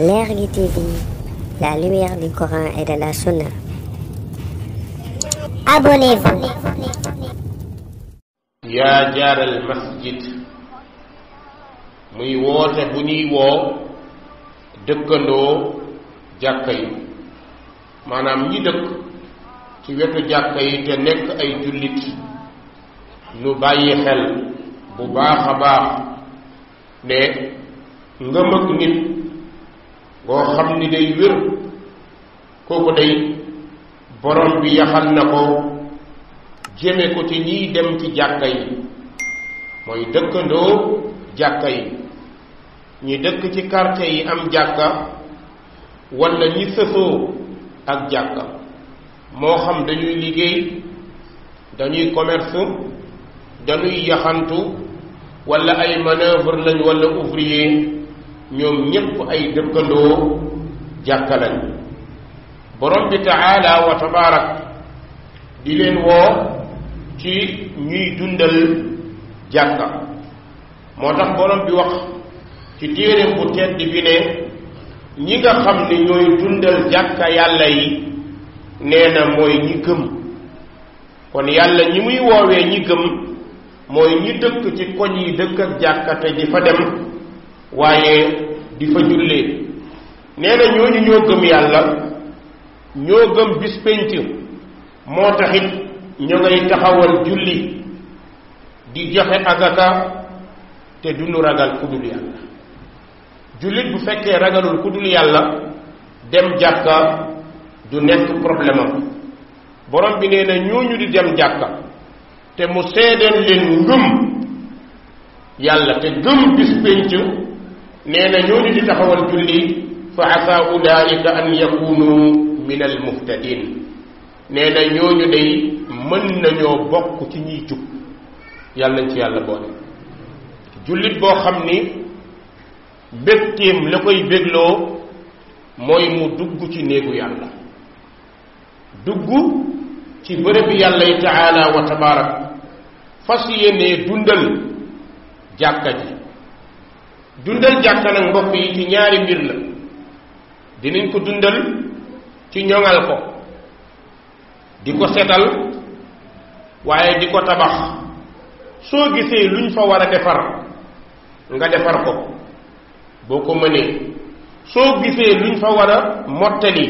L'Air TV, la lumière du Coran et de la Sunna. Abonnez-vous. yaa jaaral masjid muy wote bu ñuy wo dekkando jakkay. Manam ñi dekk ci wetu jakkay yi te ay julit. nu bayyi xel bu baax baax ne ngëm ak nit boo xam ni day wér kooku day borom bi yaxal na ko jëme ko ci ñiy dem ci jàkka yi mooy dëkkandoo jàkka yi ñi dëkk ci karte yi am jàkka walla ñi sësoo ak jàkka moo xam dañuy liggéey dañuy commerce dañuy yaxantu walla ay manœuvre lañ walla ouvrier ñoom ñëpp ay dëkkandoo jàkka lañ borom bi taala wa tabaarak di leen woo ci ñuy dundal jàkka moo tax borom bi wax ci téereem bu tedd bi ne ñi nga xam ne ñooy dundal jàkka yàlla yi nee na mooy ñi gëm kon yàlla ñi muy woowee ñi gëm mooy ñi dëkk ci koñ yi dëkk ak jàkka te di fa dem waaye di fa jullee nee na ñooñu ñoo gëm yàlla ñoo gëm bis moo taxit ñu ngay taxawal julli di joxe agaka te duñu ragal ku dul yàlla jullit bu fekkee ragalul ku dul yàlla dem jàkka du nekk problème borom bi nee na ñooñu di dem jàkka te mu seedeen leen ngëm yàlla te gëm bis nee na ñooñu di taxawal julli fa asa ulaika an yakunu min al nee na ñooñu day mën nañoo bokk ci ñiy jub yàlla nañ ci yàlla boole jullit boo xam ni bégteem la koy bégloo mooy mu dugg ci néegu yàlla dugg ci bërëb yàlla yi taala wa tabaarak fas yéenee dundal jàkka ji dundal jàkka nag mbokk yi ci ñaari mbir la dinañ ko dundal ci ñoŋal ko di ko setal waaye di ko tabax soo gisee luñ fa war a defar nga defar ko boo ko mënee soo gisee luñ fa war a mottali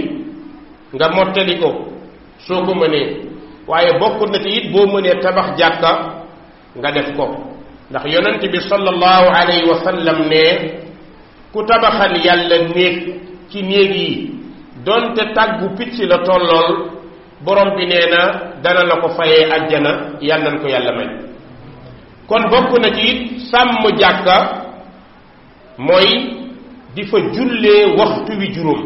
nga mottali ko soo ko mënee waaye bokk na ci it boo mënee tabax jàkka nga def ko ndax yonent bi sallallahu alayhi wa sallam ne ku tabaxal yàlla néeg ci néeg yi donte tàggu picc la tollool borom bi nee na dana la ko fayee àjjana yàlla nan ko yàlla may kon bokk na ci it sàmm jàkka mooy di fa jullee waxtu wi juróom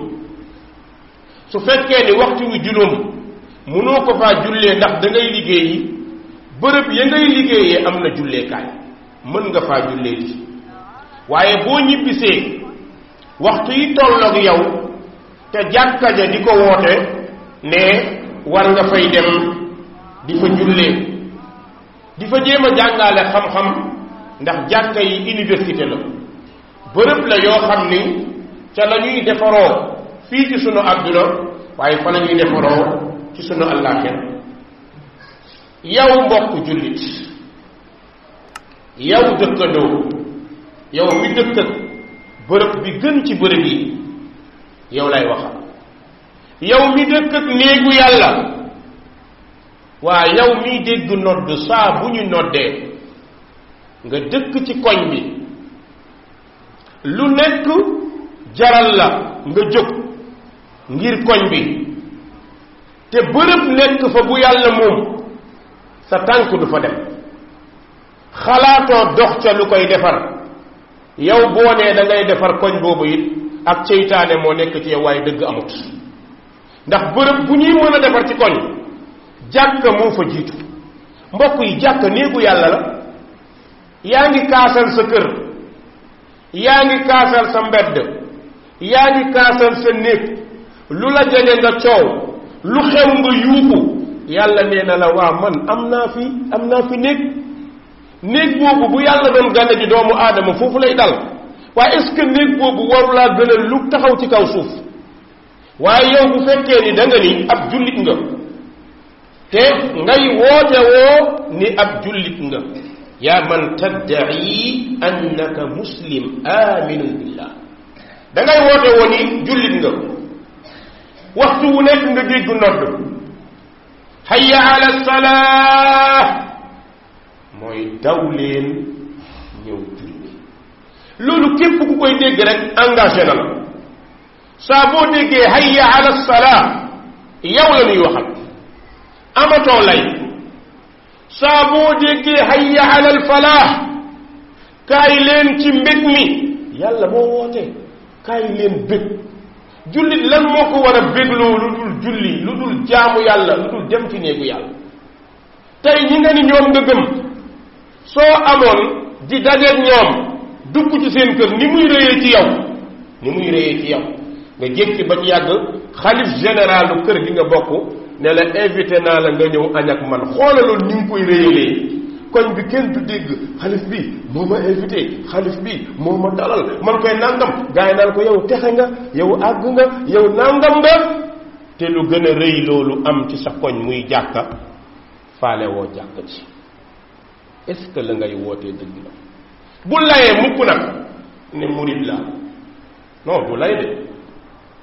su fekkee ni waxtu wi juróom munoo ko faa jullee ndax da ngay liggéeyi bërëb ya ngay liggéeyee am na julleekaay mën nga faa jullee ji waaye boo ñibbisee waxtu yi tolloog yow te jàkka ja di ko woote ne war nga fay dem di fa jullee di fa jéem a jàngaale xam-xam ndax jàkka yi université la bërëb la yoo xam ni ca la defaroo fii ci sunu àdduna waaye fa la defaroo ci sunu àllaaxira yow mbokk jullit yow dëkkandoo yow mi dëkk bërëb bi gën ci bërëb yi yow lay waxal yow mi dëkk ak néegu yàlla waa yow miy dégg nodd saa bu ñu noddee nga dëkk ci koñ bi lu nekk jaral la nga jóg ngir koñ bi te bërëb nekk fa bu yàlla moom sa tànk du fa dem xalaatoo dox ca lu koy defar yow boo nee da defar koñ boobu it ak ceytaane moo nekk ci yow waaye dëgg amut ndax bërëb bu ñuy mën a defar ci koñ jàkka moo fa jiitu mbokk yi jàkka néegu yàlla la yaa ngi kaasal sa kër yaa ngi kaasal sa mbedd yaa ngi kaasal sa néeg lu la jege nga coow lu xew nga yuuxu yàlla nee na la waa man am naa fi am naa fi néeg nek bobu bu yalla doon gane ci doomu adama foofu lay dal wa est-ce que bobu waru la gëna lu taxaw ci kaw suuf waaye yow bu fekkee ni da nga ni ab jullit nga te ngay wote wo ni ab jullit nga ya man tad'i annaka muslim aminu billah da ngay wote wo ni jullit nga waxtu wu nek nga dégg nodd hayya ala salaa mooy daw leen julli loolu képp ku koy dégg rek engagé saa boo déggee hayya ala salaa yow la ñuy waxal amatoo lay saa boo déggee hayya ala al kaay leen ci mbég mi yàlla moo woote kaay leen bég jullit lan moo ko war a bégloo lu dul julli lu dul jaamu yàlla lu dul dem ci néegu yàlla tey ñi ni ñoom nga gëm soo amoon di dajeeg ñoom dugg ci seen kër ni muy réyee ci yow ni muy réyee ci yow nga jékki ba ci yàgg xalif généralu kër gi nga bokk ne la invité naa la nga ñëw añ ak man xoolaloon ni mu koy réyalee koñ bi kenn du dégg xalif bi moo ma invité xalif bi moo ma dalal man koy nàngam gars yi naan ko yow texe nga yow àgg nga yow nàngam nga te lu gën a rëy loolu am ci sa koñ muy jàkka faale woo jàkk ci est la ngay wootee dëgg la bu layee mukk nag ne murid la non bu lay de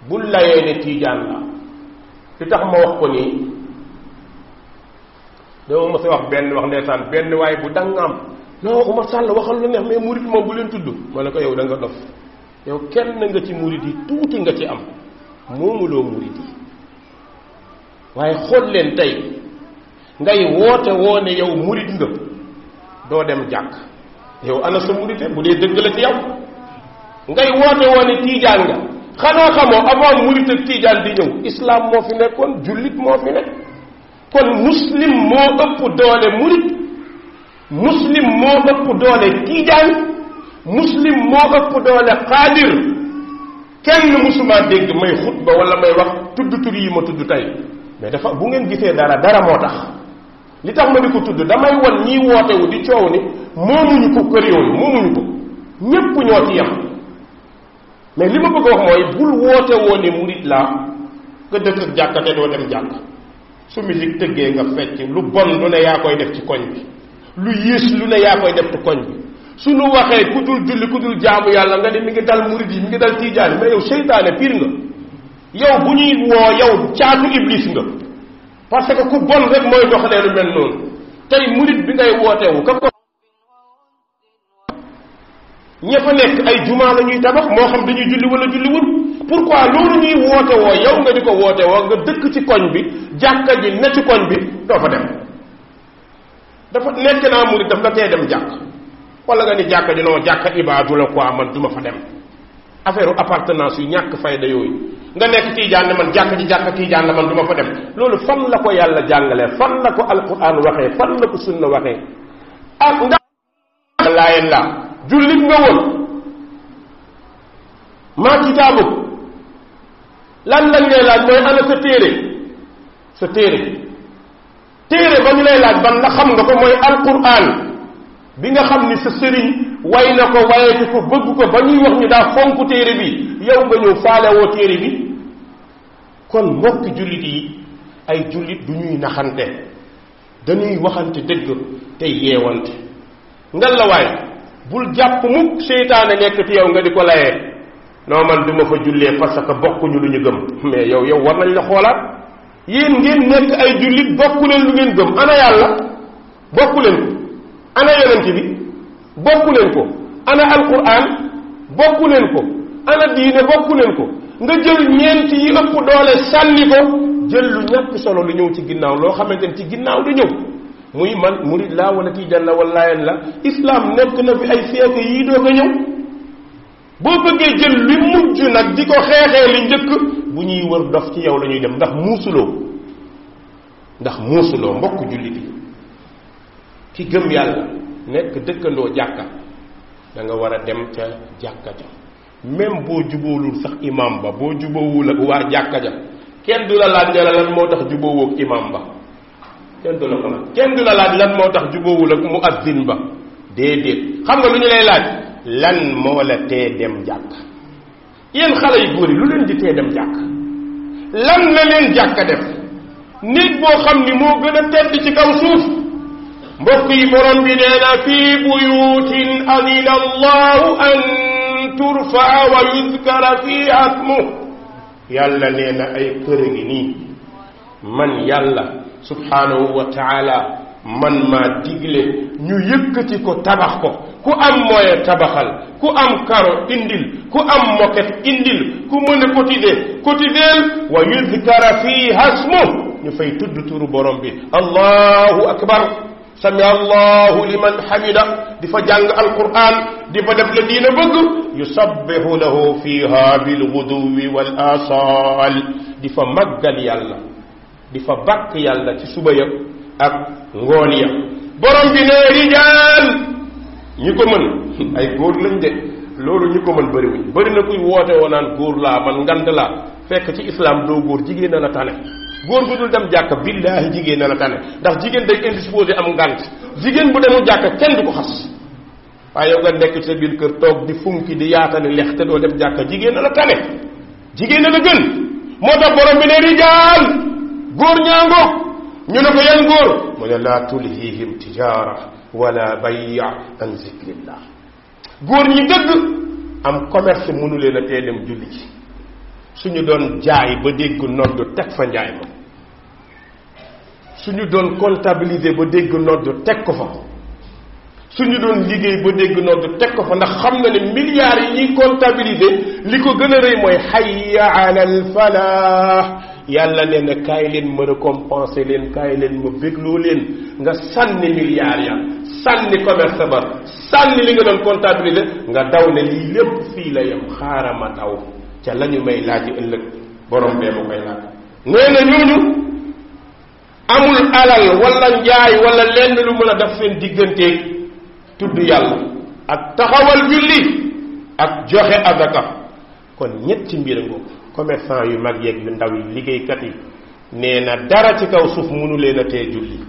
bu layee ne tiijaan la li tax ma wax ko nii dama ma sa wax benn wax ndeysaan waaye bu dangaam non Oumar Sall waxal lu neex mais murid moom bu leen tudd ma ne ko yow da nga dof yow kenn nga ci murid yi tuuti nga ci am moomuloo murid yi waaye xool leen tey ngay woote woo ne yow murid nga doo dem jàkk yow ana sa murite bu dee dëgg la ci yow ngay woote woo ne tiijaan nga xanaa xamoo avant murit ak tiijaan di ñëw islam moo fi nekkoon jullit moo fi nekk kon muslim moo ëpp doole murit muslim moo ëpp doole tiijaan muslim moo ëpp doole xaadir kenn musuma dégg may xutba wala may wax tudd tur yi ma tudd tey mais dafa bu ngeen gisee dara dara moo tax li tax ma di ko tudd damay wan ñiy wootewu di coow ni moomuñu ko kër yooyu moomuñu ko ñépp ñoo ci yem mais li ma bëgg a wax mooy bul woote woo ni murit laa nga dëkk jàkka te doo dem jàkk su musique tëggee nga fecc lu bon lu ne yaa koy def ci koñ bi lu yées lu ne yaa koy def ci koñ bi su nu waxee ku dul julli ku dul jaamu yàlla nga ne mi ngi dal murit yi mi ngi dal tiijaan mais yow seytaane piir nga yow bu ñuy woo yow caatu iblis nga parce que ku bon rek mooy doxalee lu mel noonu tey murit bi ngay wootewu ka ko nekk ay jumaa lañuy ñuy tabax moo xam dañuy julli wala julliwul pourquoi loolu ñuy woote yow nga di ko woote woo nga dëkk ci koñ bi jàkka ji ne ci koñ bi doo fa dem dafa nekk naa murit daf la tee dem jàkk wala nga ni jàkka ji non jàkka ibaadu la quoi man duma fa dem affaire appartenance yu ñàkk fayda yooyu nga nekk tiijaan ne man jàkk ji jàkk tiijaan la man du ma fa dem loolu fan la ko yàlla jàngalee fan la ko alquran waxee fan la ko sunna waxee ak ah, nga laayeen la jullit nga woon maa kitaabu lan lañ lay laaj mooy ana sa téere sa téere téere ba ñu lay laaj ban la xam nga ko mooy alquran bi nga xam ni sa sëriñ way na ko wayati ko bëgg ko ba ñuy wax ñu daa fonk téere bi yow nga ñëw faalewoo téere bi kon mbokki jullit yi ay jullit du ñuy naxante dañuy waxante dëgg te yeewante ngal la waay bul jàpp mukk seytaane nekk ci yow nga di ko layee noo man duma fa jullee parce que bokkuñu lu ñu gëm mais yow yow war nañ la xoolaat yéen ngeen nekk ay jullit bokku leen lu ngeen gëm ana yàlla bokku leen ana yonente bi bokku leen ko ana alquran bokku leen ko ana diine bokku leen ko nga jël ñeent yi ëpp doole sànni ko jël lu ñàkk solo lu ñëw ci ginnaaw loo xamante ne ci ginnaaw du ñëw muy man murid laa wala kii jan la wala laayan la islam nekk na fi ay siècle yii doo ko ñëw boo bëggee jël li mujj nag di ko xeexee li njëkk bu ñuy wër dof ci yow la ñuy dem ndax muusuloo ndax muusuloo mbokk jullit yi ki gëm yàlla nekk dëkkandoo jàkka danga war a dem ca jàkka ja même boo jubóolul sax imam ba boo jubóowul ak waa jàkka ja kenn du la laaj ne lan moo tax jubóowoo ak imam ba kenn du la lan moo tax jubóowul ak muazzin ba déedéet xam nga lu ñu lay laaj lan moo la tee dem jàkk yéen xale yu góor yi lu leen di tee dem jàkk lan la leen jàkka def nit boo xam ni moo gën a tedd ci kaw suuf mbokk yi borom bi nee na fii buyuutin adina allahu an turfaa wa yudkara fii asmu yàlla nee na ay kër ngi nii man yàlla subhanahu wa taala man maa digle ñu yëkkati ko tabax ko ku am moyen tabaxal ku am karo indil ku am moket indil ku mën a cotiser cotiser wa yudkara fii hasmu ñu fay tudd turu borom bi allahu akbar sami allahu liman hamida di fa jàng alquran di fa def la diina bëgg yusabbihu lahu fiha bilguduwi wal asal di fa màggal yàlla di fa bàkk yàlla ci suba ya ak ngoon ya borom bi ne ñi ko mën ay góor lañ de loolu ñi ko mën bëriwuñ bëri na kuy woote woo naan góor laa man ngant laa fekk ci islaam doo góor jigéen a la tane góor gu dul dem jàkka billaahi jigéen na la tane ndax jigéen day indisposé am ngànt jigéen bu demu jàkka kenn du ko xas waaye yow nga nekk sa biir kër toog di funki di yaatale lex te doo dem jàkka jigéen na la tane jigéen na la gën moo tax borom bi ne rijaal góor ñaango ñu ne ko yan góor mu ne laa tulhihim tijaara wala bayya an zikrillah góor ñi dëgg am commerce mënu leen a tee dem julli ji suñu doon jaay ba dégg noddu teg fa njaay suñu doon comptabiliser ba dégg nodd teg ko fa suñu doon liggéey ba dégg nodd teg ko fa ndax xam na ne milliards yi ñuy comptabiliser li ko gën a hayya ala al falah yàlla na kaay leen ma récompenser leen kaay leen ma bégloo leen nga sànni milliards ya sànni commerce ba sànni li nga doon comptabiliser nga daw ne lii lépp fii la ca may borom amul alal wala njaay wala lenn lu mën a def seen digganteeg tudd yàlla ak taxawal julli ak joxe azaka kon ñetti mbir a yu mag yeeg yu ndaw yi liggéeykat yi nee na dara ci kaw suuf mënu leen a tee julli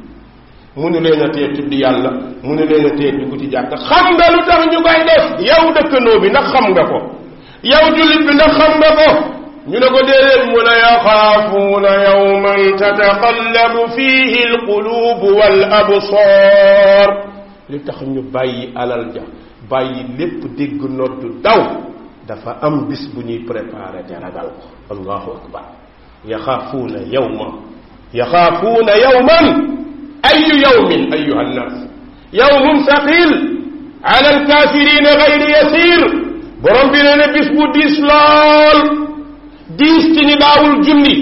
mënu leen a tee tudd yàlla mënu leen a tee dugg ci jàkk xam nga lu tax ñu koy def yow dëkkandoo bi ndax xam nga ko yow jullit bi ndax xam nga ko ñu ne ko déedéet mu ne yaxaafuuna yawman tataqallabu fihi alqulubu wal absar li tax ñu bàyyi alal ja bàyyi lépp dégg noddu daw dafa am bis bu ñuy préparé te ragal ko allahu akbar yaxaafuuna yawman yaxaafuuna yawman ayu yawmin ayuha annas yawmun saqil ala alkafirina gayri yasir borom bi ne ne bis bu diis lool diis ci ñi daawul julli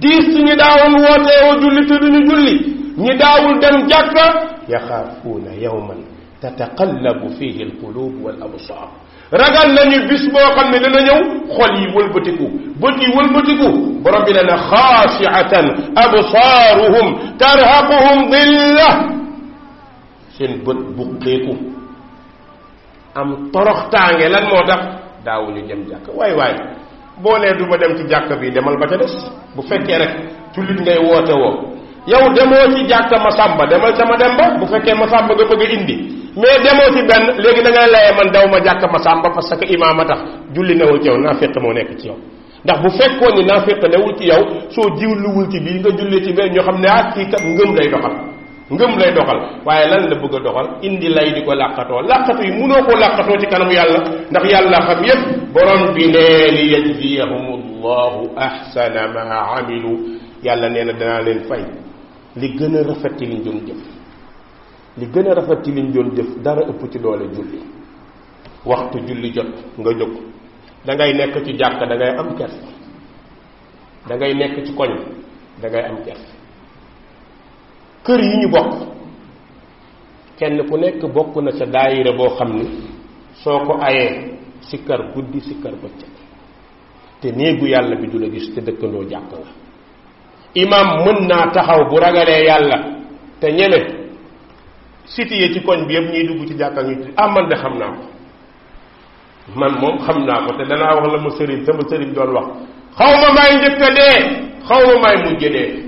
diis ci ñi daawul wooteewoo julli te duñu julli ñi daawul dem jàkka yaxaafuuna yawman tataqallabu fihi alqulub wal absar ragal nañu bis boo xam ne dana ñëw xol yi wëlbatiku bët yi wëlbatiku borom bi dana xaasiatan absaaruhum tarhaquhum dilla seen bët buqeeku am toroxtaange lan moo tax daawuñu dem jàkk waay waay boolee du ma dem ci jàkk bi demal ba ca des bu fekkee rek jullit ngay woote woo yow demoo ci jàkka ma sàmba demal ca ma dem ba bu fekkee ma sàmba nga bëgg a indi mais demoo ci benn léegi da ngay laye man daw ma jàkk ma sàmba parce que imaam a tax julli newul ci yow naaféq moo nekk ci yow ndax bu fekkoon ni naaféq newul ci yow soo jiwluwul ci bii nga julli ci bee ñoo xam ne ah kii kat ngëm day doxal ngëm lay doxal waaye lan la bëgg a doxal indi lay di ko làqatoo làqatu yi ko làqatoo ci kanam yàlla ndax yàlla xam yépp borom bi nee li yajziyahum allahu ahsana ma amilu yàlla nee na danaa leen fay li gën a rafet ci liñ doon jëf li gën a rafet ci liñ doon jëf dara ëpp ci doole julli waxtu julli jot nga jóg da ngay nekk ci jàkk da ngay am da ngay nekk ci koñ da ngay am kër yi ñu bokk kenn ku nekk bokk na sa daayira boo xam ni soo ko ayee sikkar guddi sikkar bëccëg te néegu yàlla bi du la gis te dëkkandoo jàkk nga imam mën naa taxaw bu ragalee yàlla te ñeme siti yi ci koñ bi yëpp ñuy dugg ci jàkka ñu ah man de xam naa ko man moom xam naa ko te danaa wax la ma sëriñ sama sëriñ doon wax xaw ma maay njëkk dee xaw ma maay mujj dee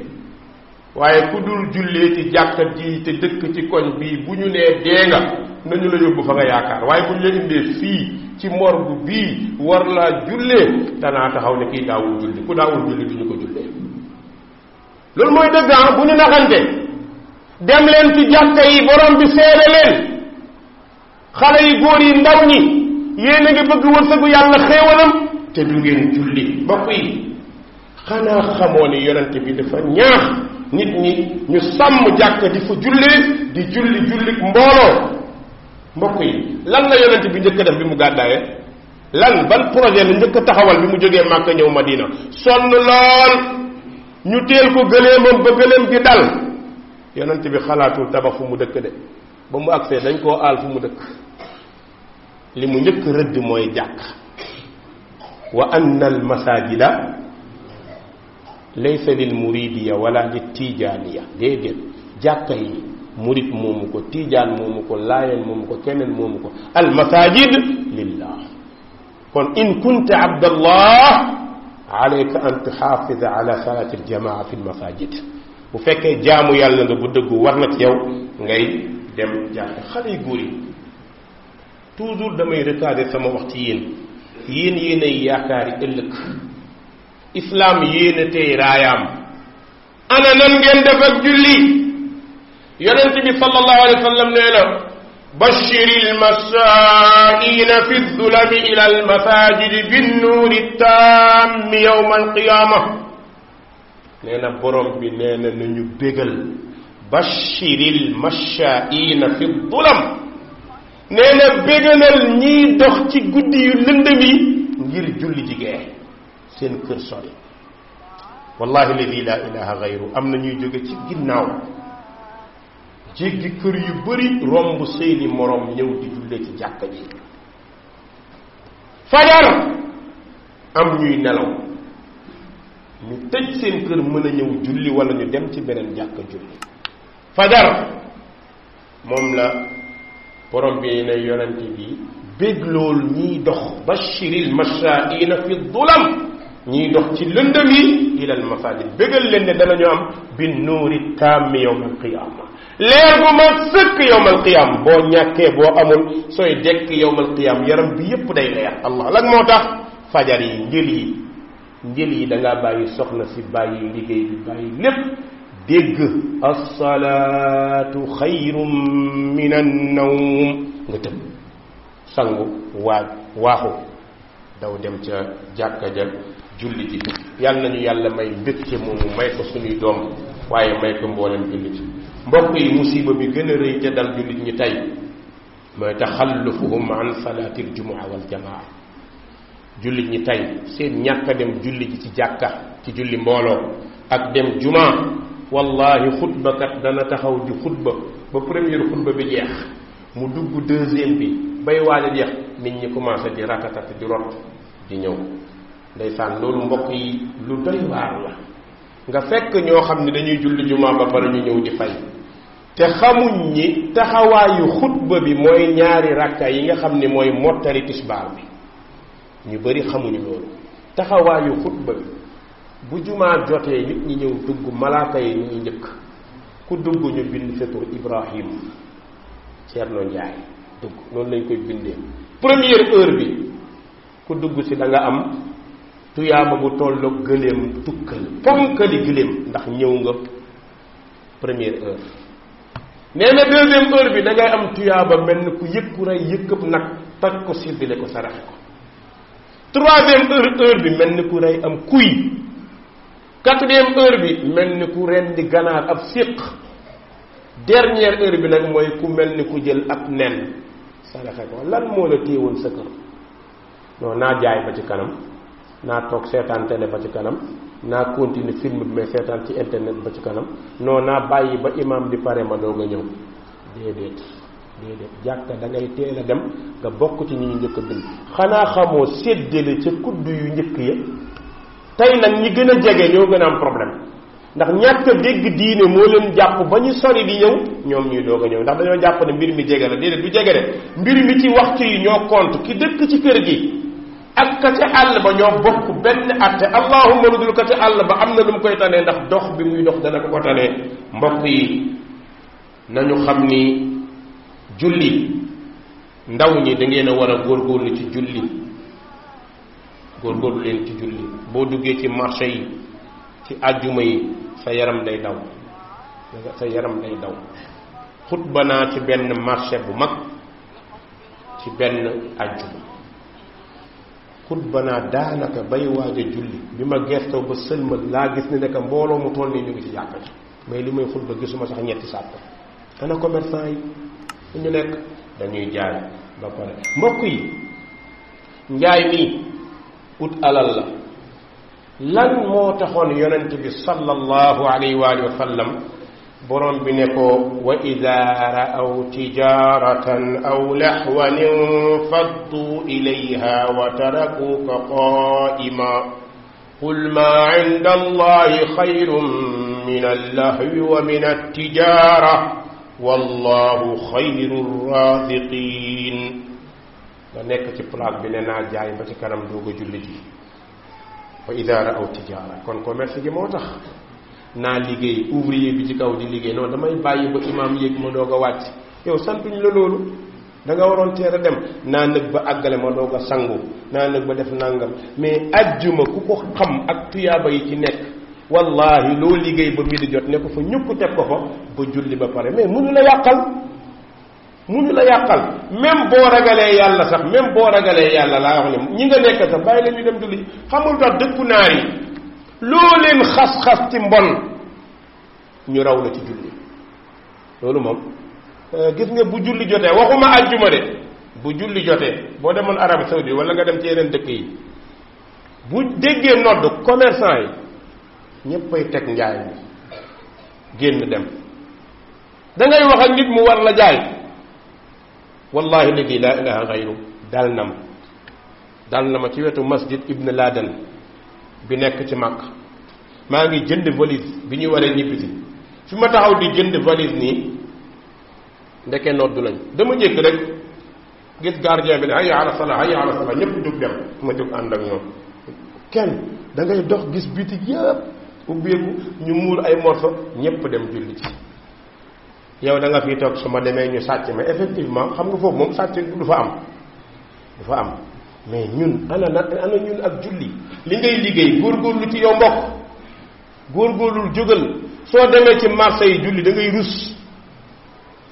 waaye ku dul jullee ci jàkka ji te dëkk ci koñ bii bu ñu nee dee nga nañu la yóbbu fa nga yaakaar waaye bu ñu la indee fii ci morgu bii war laa jullee danaa taxaw ne kii daawul julli ku daawul julli duñu ko jullee loolu mooy dëgg ah, bu ñu naxante dem leen ci jàkka yi borom bi seede leen xale yi góor yi ndaw ñi yéen a ngi bëgg wërsëgu yàlla xéewalam te du ngeen julli mbokk yi xanaa xamoo ne yonente bi dafa ñaax nit ñi ñu sàmm jàkk di fa julli di julli julli mbooloo mbokk yi lan la yonent bi njëkk def bi mu gàddaaye lan ban projet la njëkk taxawal bi mu jógee màkka ñëw madina sonn lool ñu teel ko gëleemam ba gëleem gi dal yonent bi xalaatul tabax fu mu dëkk de ba mu agsee dañ koo aal fu mu dëkk li mu njëkk rëdd mooy jàkk wa anna al masajida ليس للمريدية ولا للتيجانية ديدل جاكي مريد مومكو تيجان مومكو لاين مومكو كنن مومكو المساجد لله قل إن كنت عبد الله عليك أن تحافظ على صلاة الجماعة في المساجد وفك جامو يالنا بدقو ورنك يو غي دم جاكي خلي قولي توزور دمي ركادي سما وقتين يين يين ياكاري يين islam yéena tey raayaam ana nan ngeen def ak julli yonent bi sallallahu alayhi wa sallam nee na bashiri almasaa'ina fi ddulami ila almasajidi binnuuri tammi yowma alqiyaama nee na borom bi nee na nañu bégal bashiri almasaa'ina fi ddulam nee na bégalal ñiy dox ci guddi yu lëndëm ngir julli jigéen seen kër sori wallahi ladi laa ilaha gayru am na ñuy jóge ci ginnaaw jéggi kër yu bari romb seeni morom ñëw di julle ci jàkka ji fajar am ñuy nelaw ñu tëj seen kër mën a ñëw julli wala ñu dem ci beneen jàkka julli fajar moom la borom bi ne yonente bi béglool ñiy dox bashiril mashaa'ina fi dulam ñiy dox ci lëndëm yi ilal masaajid bégal leen ne danañu am bi nuuri tàmmi yowmal qiyaama leer bu ma sëkk yowmal qiyaam boo ñàkkee boo amul sooy dekk yowmal qiyaam yaram bi yépp day leer allah lan moo tax fajar yi njël yi njël yi da ngaa bàyyi soxna si bàyyi liggéey bi bàyyi lépp dégg assalaatu xayrum min annawm nga tëb sangu waaj waaxu daw dem ca jàkka ja jullit yi yàlla nañu yàlla may mbégte moomu may ko suñuy doom waaye may ko mboolem jullit yi mbokk yi musiba bi gën a rëy ca dal jullit ñi tey mooy taxallufuhum an salaatil jumaa wal jullit ñi tey seen ñàkk dem julli ji ci jàkka ci julli mbooloo ak dem jumaa wallahi xutba kat dana taxaw di xutba ba première xutba bi jeex mu dugg deuxième bi bay waale jeex nit ñi commencé di ratatat di rot di ñëw ndeysaan loolu mbokk yi lu doy waar la nga fekk ñoo xam ne dañuy julli jumaa ba pare ñu ñëw di fay te xamuñ ni taxawaayu xutba bi mooy ñaari ràkkaay yi nga xam ni mooy mottali tisbaar bi ñu bari xamuñu loolu taxawaayu xutba bi bu jumaa jotee nit ñi ñëw dugg malaaka yi ñuy njëkk ku dugg ñu bind sa Ibrahim Ceerno Njaay dugg noonu lañ koy bindee première heure bi ku dugg si da am tuyaaba bu tolloog gëléem tukkal ponkali gëléem ndax ñëw nga première heure nee na heure bi dangay ngay am tuyaaba mel ni ku yëkku rey yëkkëb nag toj ko siddile ko saraxe ko troisième heure bi mel ni ku rey am kuy quatrième heure bi mel ni ku rendi ganaar ab siq dernière heure bi nag mooy ku mel ni ku jël ab nen saraxe ko lan moo la téye woon sa kër naa jaay ba ci kanam naa toog seetaan télé ba ci kanam naa continuer film bi may seetaan ci internet ba ci kanam non naa bàyyi ba imam di pare ma doog a ñëw déedéet déedéet jàkka da ngay a dem nga bokk ci ñi ñu njëkk a xanaa xamoo séddale ca kudd yu njëkk ya tey nag ñi gën a jege ñoo gën a am problème ndax ñàkk a dégg diine moo leen jàpp ba ñu sori di ñëw ñoom ñuy doog a ñëw ndax dañoo jàpp ne mbir mi jege la déedéet du jege de mbir mi ci waxtu yi ñoo compte ki dëkk ci gi ak ka ca àll ba ñoo bokk benn atte allahuma lu ka ca àll ba am na lu mu koy tanee ndax dox bi muy dox dana ko ko tanee mbokk yi nañu xam ni julli ndaw ñi da ngeen a war a góorgóorlu ci julli góorgóorlu leen ci julli boo duggee ci marché yi ci àjjuma yi sa yaram day daw sa yaram day daw xutba naa ci benn marché bu mag ci benn àjjuma xutba naa daanaka bay waaj a julli bi ma gestoo ba sëlmal laa gis ne nekk mbooloo mu toll nii ñu ngi ci yàq ji mais li may xutba gisuma sax ñetti sàpp ana commerçant yi ñu nekk dañuy jaay ba pare mbokk yi njaay mi ut alal la lan moo taxoon yonent bi sallallahu alayhi wa sallam بروم بي نيكو واذا راوا تجاره او لحوا انفضوا اليها وتركوك قائما قل ما عند الله خير من اللهو ومن التجاره والله خير الرازقين دا نيك سي بلاك بي نانا جاي با سي كانام دوغو جولي جي واذا راوا تجاره كون كوميرس جي موتاخ naa liggéey ouvrier bi ci kaw di liggéey non damay bàyyi ba imaam yéeg ma doog a wàcc yow santuñ la loolu da nga waroon teel dem naa nëg ba àggale ma doog a sangu naa nëg ba def nangam mais ajjuma ku ko xam ak tuyaaba yi ci nekk wallahi loo liggéey ba mi di jot ne ko fa ñëpp teg ko fa ba julli ba pare mais mënu la yàqal mënu la yàqal même boo ragalee yàlla sax même boo ragalee yàlla laa wax ne ñi nga nekk sax bàyyi la dem julli xamul tax loo leen xas-xas ci mbon ñu raw la ci julli loolu moom euh, gis nga bu julli jotee waxuma àjjuma de bu julli jotee boo demoon Arabie Saoudite wala nga dem ci yeneen dëkk yi bu déggee nodd commerçant yi ñéppay teg njaay mi génn dem dangay wax ak nit mu war la jaay wallahi léegi laa ilaha gayru dal na ma dal na ma ci wetu masjid ibn Laden bi nekk ci màkk maa ngi jënd valise bi ñuy waree ñibbisi fi ma taxaw di jënd valise nii ndeke noddu lañ dama jékk rek gis gardien bi ne hayya ala sala hayya ala sala ñëpp jóg dem ma jóg ànd ak ñoom kenn da ngay dox gis bitig yëpp ubbeeku ñu muur ay morso ñëpp dem julli yow da nga fii toog su ma demee ñu sàcc ma effectivement xam nga foofu moom sàcc du fa am du fa am mais ñun ana na ana ñun ak julli li ngay liggéey góorgóorlu ci yow mbokk góorgóorlul jógal soo demee ci marché yi julli da ngay rus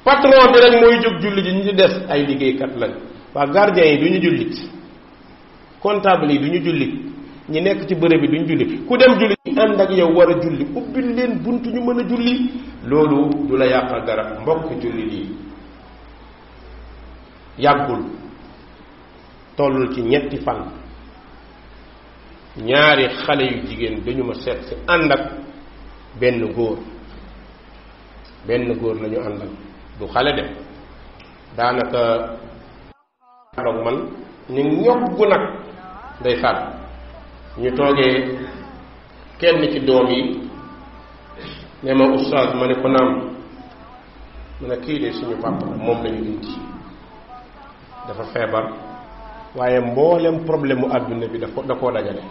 patron bi rek mooy jóg julli ji ñu ci des ay liggéeykat lañ waa gardien yi du ñu jullit comptable yi du ñu jullit ñi nekk ci bërëb bi du ñu julli ku dem julli ñu ànd yow war a julli ubbil leen bunt ñu mën a julli loolu du la yàqal dara mbokk julli lii yàggul tollul ci ñetti fan ñaari xale yu jigéen dañu ma seet si ànd ak benn góor benn góor lañu àndal du xale de daanaka loog man ñu nag day xar ñu toogee kenn ci doom yi ne ma oustaz ma ne ko naam ma ne kii de suñu papa moom lañu indi dafa feebar waaye mboolem problème mu àdduna bi daf ko da koo dajale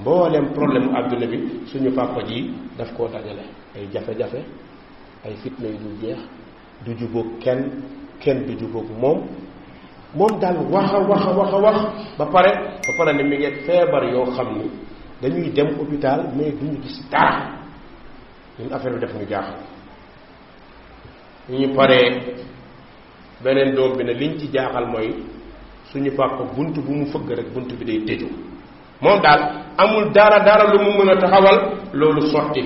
mboolem problème mu àdduna bi suñu papa ji daf koo dajale ay jafe-jafe ay fitna yu dul jeex du jubóog kenn kenn du jubóog moom moom daal wax a wax ba pare ba pare ne mi ngi feebar yoo xam ni dañuy dem hôpital mais duñu gis dara ñun affaire bi daf ñu jaaxal ñu ñu beneen doom bi ne liñ ci jaaxal mooy suñu papa bunt bu mu fëgg rek bunt bi day tëju moom daal amul dara dara lu mu mën a taxawal loolu sotti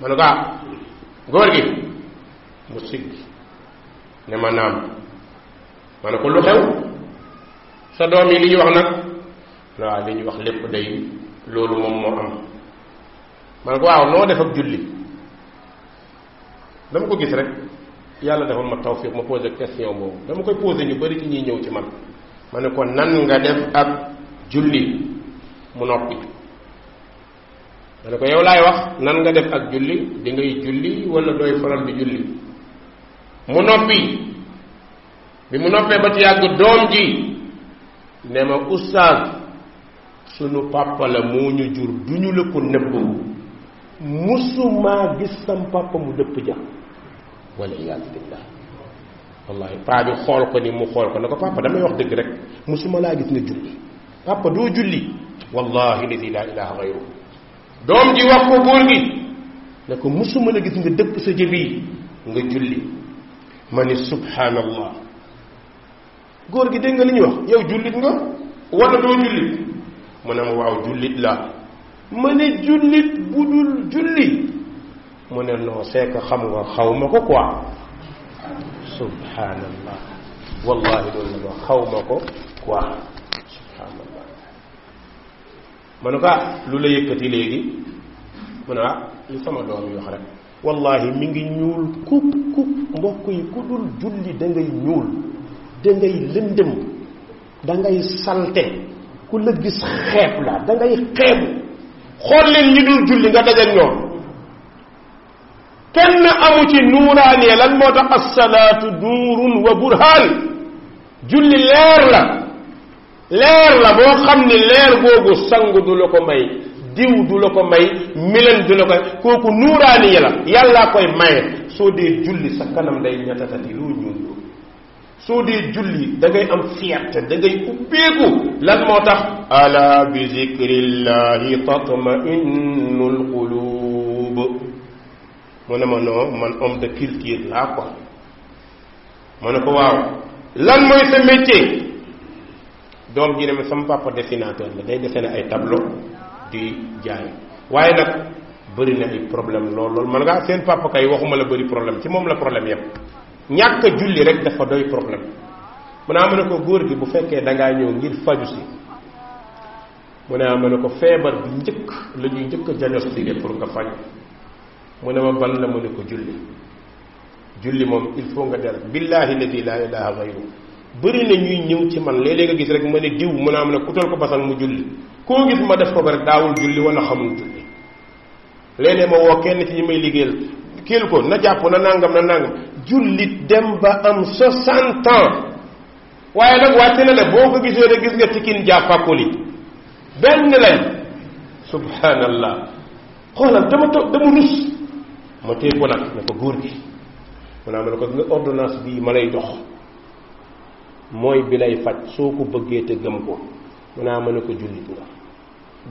ma ne ko ah góor gi mu sigg ne ma naam ma ne ko lu xew sa doom yi li ñu wax nag waaw ah, li ñu wax lépp day loolu moom moo am ma ne ko waaw noo def ak julli dama ko gis rek yàlla defal ma tawfiq ma posé question boobu dama koy posé ñu bëri ci ñuy ñëw ci man ma ne ko nan nga def ak julli mu noppi ma ne ko yow laay wax nan nga def ak julli di ngay julli wala dooy faral di julli mu noppi bi mu noppee ba ci yàgg doom ji ne ma oustaz sunu papa la moo ñu jur duñu la ko nëbb musumaa gis sam papa mu dëpp ja والعياذ بالله والله بعد خلقني مو خلق نكو بابا دا ماي واخ رك مسوما لا غيس نجولي بابا دو جولي والله الذي لا اله غيره دوم جي واخ بور جي نكو مسوما لا غيس نجي دك سجي بي nga julli mani subhanallah gor gi deng liñ wax yow julit nga wala do julli mané mo waw julit la mané julit budul julli mu ne non c'est que xam nga xaw ma ko quoi subhanallah wallahi doon na xaw ma ko quoi subhanallah ma ne ko ah lu la yëkkati léegi mu ne ah li sama doom yi wax wallahi mi ngi ñuul kuk kuk mbokk yi ku dul julli da ngay ñuul da lëndëm da salte ku la gis xeeb la da ngay xool leen ñu dul julli nga dajeek ñoom kenn amu ci nuuraanee lan moo tax assalaatu duurun wa burhaan julli leer la leer la boo xam ni leer googu sangu du la ko may diw du la ko may milen du la ko kooku nuuraaniya la yàllaa koy maye soo dee julli sa kanam day ñatatati loo ñuul soo dee julli da ngay am fierté da ngay ubbeeku lan moo tax ala bi zikrillahi tatma innul qulub mu ne ma non man homme de culture laa quoi ma ne ko waaw lan mooy sa métier doom ji ne ma sama papa dessinateur la day dessiné ay tableau di jaay waaye nag bëri na ay problème lool lool man ngaa seen papa kay waxuma la bëri problème ci moom la problème yem ñàkk julli rek dafa doy problème mu ne ah, ma ne ko góor gi bu fekkee da ngaa ñëw ngir faju si mu ne ah, ma ne ko feebar bi njëkk la ñuy njëkk a diagnostiqué pour nga faju mu ne ma ban la mu ne ko julli julli moom il faut nga del billaahi ladi laa ilaha gayru bëri na ñuy ñëw ci man léeg-léeg nga gis rek ma ne diw mu a am ne ko basan mu julli koo gis ma def ko ko rek daawul julli wala xamul julli léeg-léeg ma woo kenn ci ñi may liggéeyal kéel ko na jàpp na nangam na nangam jullit dem ba am 60 ans waaye nag wàcc na la boo ko gisee rek gis nga tikkin jàppakuli benn lañ subhanallah xoolal dama toog dama rus ma téye ko nag ne ko góor gi mu naa ma ne ko nga ordonnance bii ma lay jox mooy bi lay faj soo ko bëggee te gëm ko mu naa ma ne ko jullit nga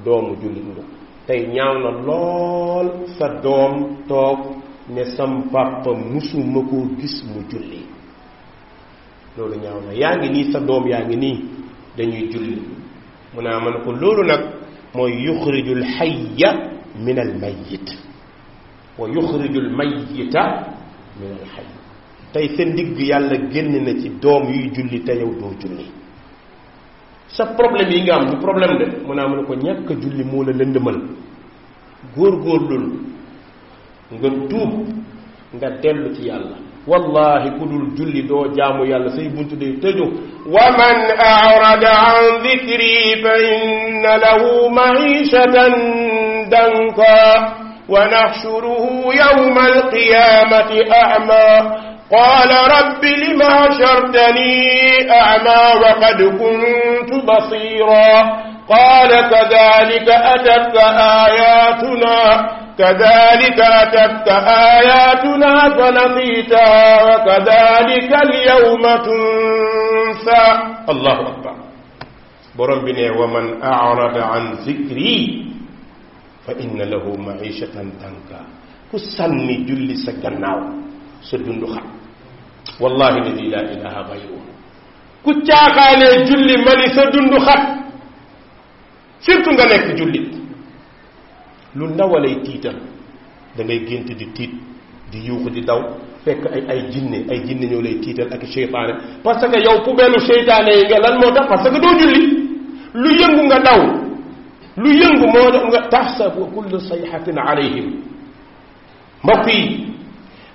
doomu jullit nga tey ñaaw na lool sa doom toog ne sam musuma koo gis mu julli loolu ñaaw na yaa ngi nii sa doom yaa ngi nii dañuy julli mu naa ma ko loolu nag mooy yuxrijul xayya min al mayyit ويخرج الميت من الحي تاي سين ديغ يالا ген نا سي دوم يي جولي تاي يو دو جولي سا بروبليم ييغا ام دو بروبليم دي مونا مونا كو نياك جولي مولا لندمال غور غور لول نغا توب نغا دلو سي يالا والله كدول جولي دو جامو يالا سي بونتو دي تيجو ومن اعرض عن ذكري فان له معيشه دنكا ونحشره يوم القيامة أعمى قال رب لما شرتني أعمى وقد كنت بصيرا قال كذلك أتت آياتنا كذلك أتت آياتنا فنسيتها وكذلك اليوم تنسى الله أكبر برب ومن أعرض عن ذكري fa inna lahu maishatan danka ku sànni julli sa gannaaw sa dund xat wallahi ladi la ilaha gayru ku caaxaanee julli mani sa dund xat surtout nga nekk jullit lu ndaw a tiital da ngay gént di tiit di yuuxu di daw fekk ay ay jinne ay jinne ñoo lay tiital ak seytaane parce que yow poubelle u seytaane yi nga lan moo tax parce doo julli lu yëngu nga daw lu yëngu moo def nga taxsabu kullu sayxatin alayhim mbokk yi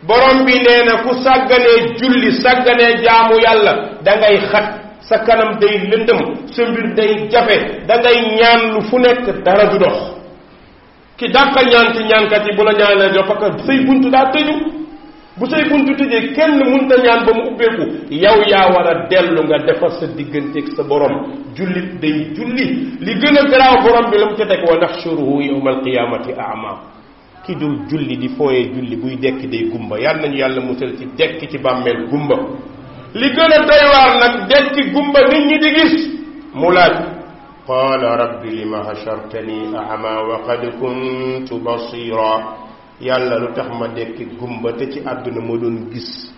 borom bi nee na ku sàgganee julli sàgganee jaamu yàlla da ngay xat sa kanam day lëndëm sa mbir day jafe da ñaan lu fu nekk dara du dox ki dàqa ñaan ci bu la ñaanee jox parce say bunt daa tëju bu say buntu tëjee kenn munta ñaan ba mu ubbeeku yow yaa war a dellu nga defar sa borom jullit day julli li gën a borom bi la mu ca teg wa naxsuruhu yawma alqiyamati ama ki dul julli di fooyee julli buy dekki day gumba yal nañu yàlla musal ci dekki ci bàmmeel gumba li gën a doy dekki gumba nit ñi di gis mu laaj qaala rabbi lima hashartani ama wa qad kuntu basira yàlla lu tax ma dekki gumba te ci àdduna ma doon gis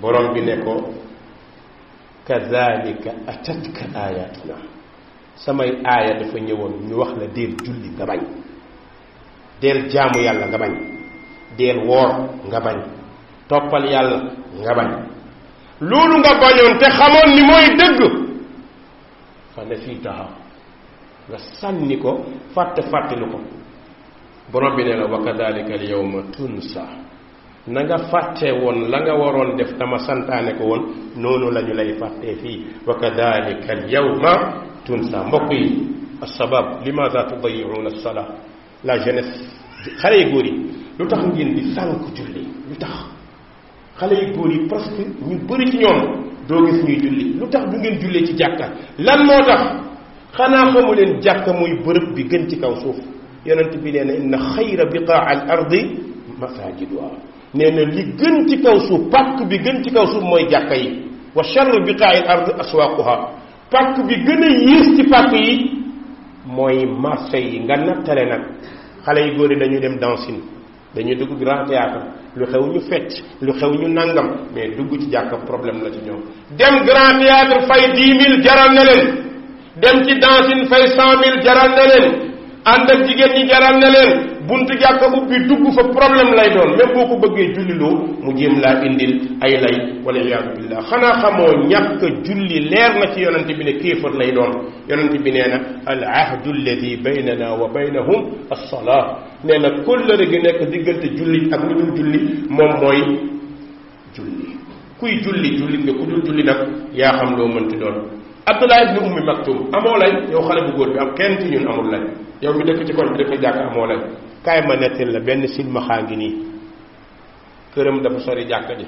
borom bi ne ko kazalika atatka aayatuna samay aaya dafa ñëwoon ñu wax la deel julli nga bañ deel jaamu yàlla nga bañ deel woor nga bañ toppal yàlla nga bañ loolu nga bañoon te xamoon ni mooy dëgg fa fii taxaw nga sànni ko fàtte fàttelu ko borom bi nee na wa kadalika al yawma tunsa na nga fàtte woon la nga waroon def dama santaane ko woon noonu la ñu lay fàttee fii wa kadalika al yawma tunsa mbokk yi asabab limaza tudayiuna sala la jeunesse xale yu góor yi lu tax ngeen di sànk julli lu tax xale yu góor yi presque ñu bëri ci ñoom doo gis ñuy julli lu tax du ngeen jullee ci jàkka lan moo tax xanaa xamu leen jàkka muy bërëb bi gën ci kaw suuf yonent bi nee na inna xayra biqaa al ardi masajiduha nee na li gën ci kaw suuf pàkk bi gën ci kaw suuf mooy jàkka yi wa charre biqaa al ardi aswaaquha pàkk bi gën a yées ci pàkk yi mooy marché yi nga nattale nag xale yu góor yi dañuy dem dansine dañuy dugg grand théâtre lu xew ñu fecc lu xew ñu nangam mais dugg ci jàkka problème la ci ñoom dem grand théâtre fay dix mille jaral na leen dem ci dansine fay cent mille jaral na leen ànd ak jigéen ñi jaral na leen buntu jàkka ubbi dugg fa problème lay doon même boo ko bëggee julliloo mu jéem laa indil ay lay wala iyaadu billah xanaa xamoo ñàkk julli leer na ci yonent bi ne kéefar lay doon yonent bi nee na al ahdu alladi baynana wa baynahum alsalaa nee na kóllëre gi nekk diggante julli ak lu dul julli moom mooy julli kuy julli julli nga ku dul julli nag yaa xam loo mënti doon abdullah ibnu ummi maktum amoo lay yow xale bu góor bi am kenn ci ñun amul lay yow mi dëkk ci koñ bi def jàkk amoo lañ kaay ma nettil la benn silmaxaa ngi nii këram dafa sori jàkk ji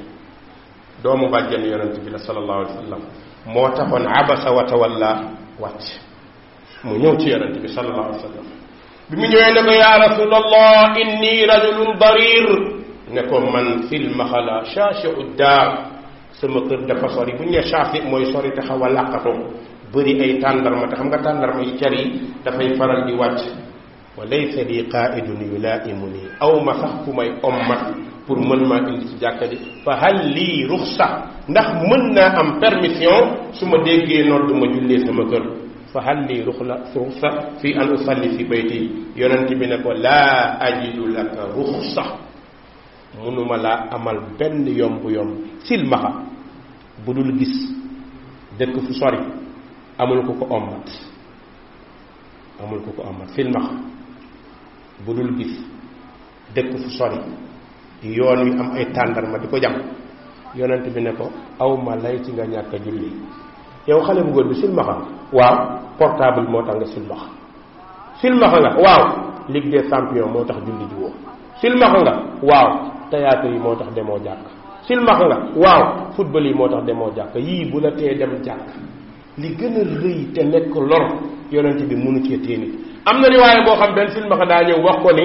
doomu bàjjan yonent bi la sallallahu alayhi wa sallam moo taxoon abasa wa tawalla wàcc mu ñëw ci yonent bi sallallahu alayhi wa sallam bi mu ñëwee ne ko yaa rasulallah inni rajulun darir ne ko man fil la chaashiu daar sama kër dafa sori bu ñu ne chaasi mooy sori taxaw làqatoo bëri ay tàndarma kan te xam nga tàndarma yi car dafay faral di wàcc wa laysa li qaa'idun yulaa'imuni aw ma sax ku may ommat pour mën maa indi ci jàkka fa hal ruxsa ndax mën naa am permission su ma déggee nodd ma jullee sama kër fa hal ruxla ruxsa fi an usalli fi bayti yonent bi ne ko laa ajidu laka ruxsa munuma laa amal benn yomb yomb silma, bu dul gis dëkk fu sori amul ku ko ommat amul ku ko ommat filmax bu dul bis dëkk fu sori yoon wi am ay tàndarma di ko jam yonent bi ne ko aw ma lay ci nga ñàkk julli yow xale bu góor bi waaw portable moo tax nga silmaxa silmaxa nga waaw ligue des champions moo tax julli ji woo silmaxa nga waaw théâtre yi moo tax demoo jàkk silmaxa nga waaw football yi moo tax demoo jàkk yii bu la tee dem jàkk li gën a rëy te nekk lor yonent bi mënu cee téye nit am na riwaaye boo xam benn silmaxa daa ñëw wax ko ni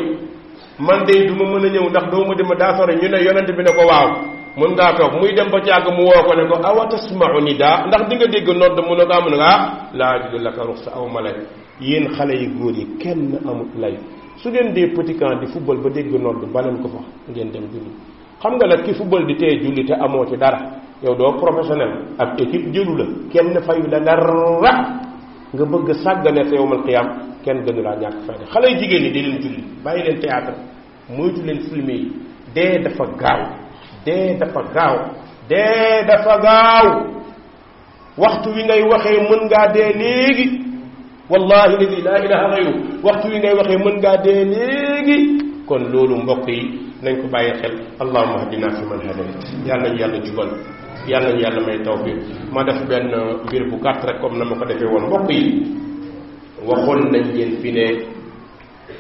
man de du ma mën a ñëw ndax doo ma dima daa sore ñu ne yonent bi ne ko waaw mun ngaa toog muy dem ba ci àgg mu woo ko ne ko awa ni nidaa ndax dinga dégg nodd mun a ko amun nga ah laa ajidu laka ruxsa aw ma lay yéen xale yi góor yi kenn amut lay su ngeen dee petit camp di football ba dégg nodd baleen ko fa ngeen dem julli xam nga nag ki football di teye julli te amoo ci dara yow doo professionnel ab équipe jëlu la kenn fayu la dara nga bëgg sàggane sa yowmal qiyam kenn gënu laa ñàkk fayda xale yu jigéen ñi di leen julli bàyyi leen théâtre moytu leen filmé yi dee dafa gaaw dee dafa gaaw dee dafa gaaw waxtu wi ngay waxee mën ngaa dee léegi wallahi ladi la ilaha gayru waxtu wi ngay waxee mën ngaa dee léegi kon loolu mbokk yi nañ ko bàyyi xel allahuma hadina fi man hadayt yàlla ñu yàlla jubal yàlla ñu yàlla may taw bi ma def benn mbir bu gàtt rek comme na ma ko defee woon mbokk yi waxoon nañ leen fi ne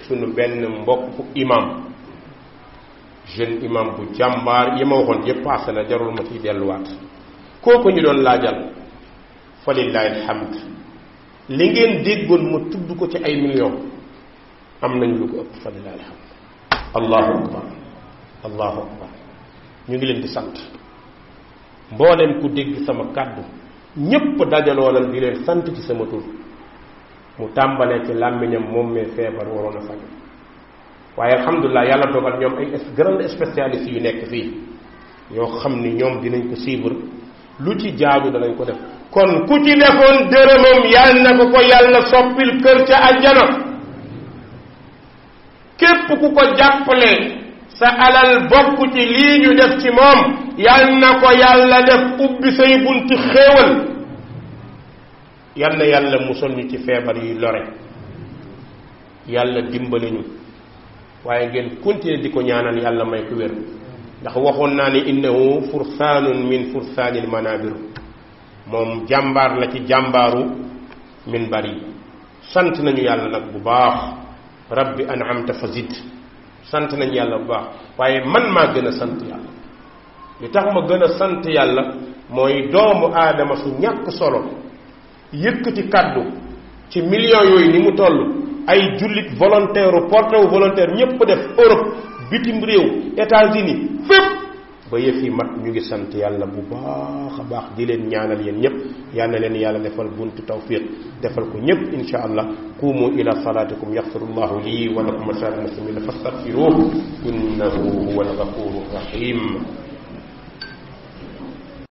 sunu benn mbokk imam jeune imam bu jàmbaar yi ma waxoon yëpp passé na jarul ma ciy delluwaat kooku ñu doon laajal fa lillahi alhamd li ngeen déggoon ma tudd ko ci ay millions am nañu lu ko ëpp alhamd allahu akbar allahu akbar ñu ngi leen di sant mboolem ku dégg sama kàddu ñépp dajaloonan di leen sant ci sama tur mu tàmbalee ci làmmiñam moom mee feebar waroon a faj waaye alhamdulilah yàlla dogal ñoom ay grands spécialistes yu nekk fii yoo xam ni ñoom dinañ ko suivre lu ci jaaju danañ ko def kon ku ci defoon dërëmam yàlla na ko ko yàlla soppil kër ca àjjana képp ku ko jàppale sa alal bokk ci lii ñu def ci moom yal na ko yàlla def ubbi say bunti xéewal yal na yàlla musal ñu ci feebar yi lore yàlla dimbali ñu waaye ngeen continuer di ko ñaanal yàlla may ku wér ndax waxoon naa ne innahu fursaanun min fursaanil manaabiru moom jàmbaar la ci jàmbaaru min bari sant nañu yàlla nag bu baax rabbi an'amta fa zid sant nañ yàlla bu baax waaye man maa gën a sant yàlla li tax ma gën a sant yàlla mooy doomu aadama su ñàkk solo yëkkati kàddu ci millions yooyu ni mu toll ay jullit volontaire u porté volontaire ñépp def Europe bitim réew États-Unis fépp ba yëf yi mat ñu ngi sant yàlla bu baax a baax di leen ñaanal yéen ñëpp yal na leen yàlla defal buntu tawfiq defal ko ñëpp insha allah qumu ila salatikum yaxfirullahu lii wa lakum asaal muslimin fastaghfiruh innahu huwa alghafuru rahim